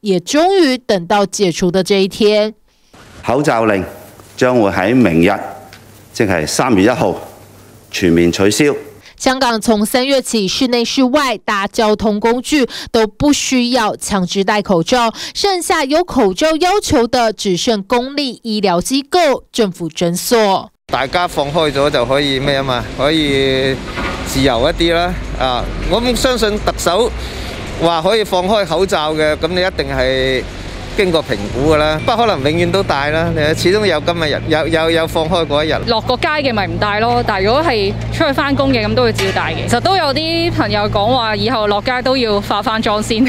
也終於等到解除的這一天，口罩令將會喺明日，即係三月一號全面取消。香港從三月起，室內、室外搭交通工具都不需要強制戴口罩，剩下有口罩要求的只剩公立醫療機構、政府診所。大家放開咗就可以咩啊嘛，可以自由一啲啦。啊，我相信特首。話可以放開口罩嘅，咁你一定係經過評估噶啦，不可能永遠都戴啦。你始終有今日日有有有放開嗰一日，落個街嘅咪唔戴咯。但係如果係出去返工嘅，咁都會照戴嘅。其實都有啲朋友講話，以後落街都要化翻妝先。